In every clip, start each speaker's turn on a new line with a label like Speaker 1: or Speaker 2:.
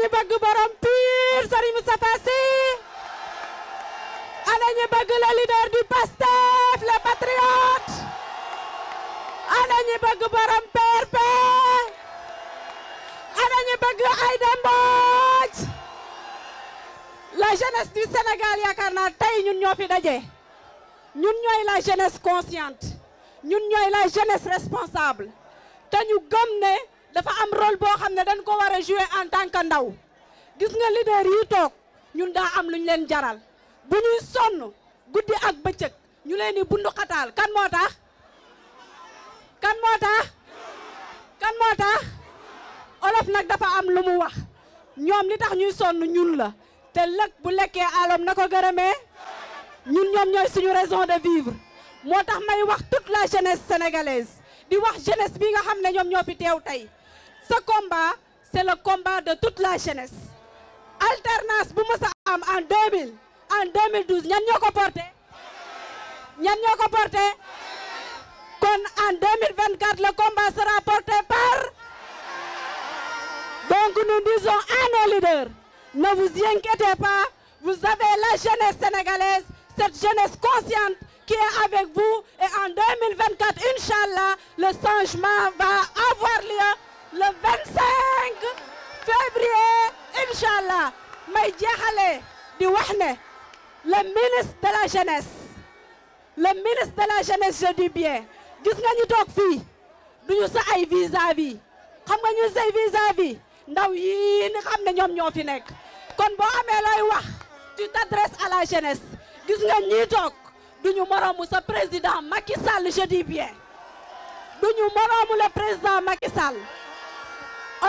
Speaker 1: ñu bëgg borom pur Serigne Moustapha Sy ana ah, bëgg le leader du PASTEF le patriote ana ah, ñu bëgg borom PRP ana ah, ñu bëgg Aïda Mbodj la jeunesse du Sénégal yaakaar naa tey ñun ñoo fi daje ñun ñooy la jeunesse consciente ñun ñooy la jeunesse responsable te ñu gëm ne dafa am rôle boo xam ne dañ ko war a jouer en tant que ndaw gis nga leader yi toog ñun daa am lu ñu leen jaral bu ñuy sonn guddi ak bëccëg ñu leen di bundu xataal kan moo tax kan moo tax kan moo tax olof nag dafa am lu mu wax ñoom li tax ñuy sonn ñun la te lëg bu lekkee alom na ko gërëmee ñun ñoom ñooy suñu réson de vivre moo tax may wax toute la jeunesse sénégalaise di wax jeunesse bi nga xam ne ñoom ñoo teew tey ce combat c'est le combat de toute la jeunesse alternance en 2000 en 2012 ñan en 2024 le combat sera porté par donc nous disons à nos leaders ne vous inquiétez pas vous avez la jeunesse sénégalaise cette jeunesse consciente qui est avec vous et en 2024 inchallah le changement va avoir lieu le 25 février Inch'Allah, le ministre de la jeunesse le ministre de la jeunesse je dis bien qu'est-ce nga nous faire? duñu sa vis-à-vis xam nga ñu vis-à-vis Nous ne vis Quand kon vis à tu t'adresses à la jeunesse nous nous Nous duñu le président Macky Sall je dis bien duñu le président Macky Sall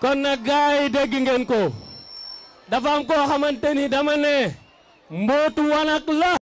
Speaker 1: kon nak gaay degg ngeen kan ko dafa am koo xamante dama ne mbootu wanak la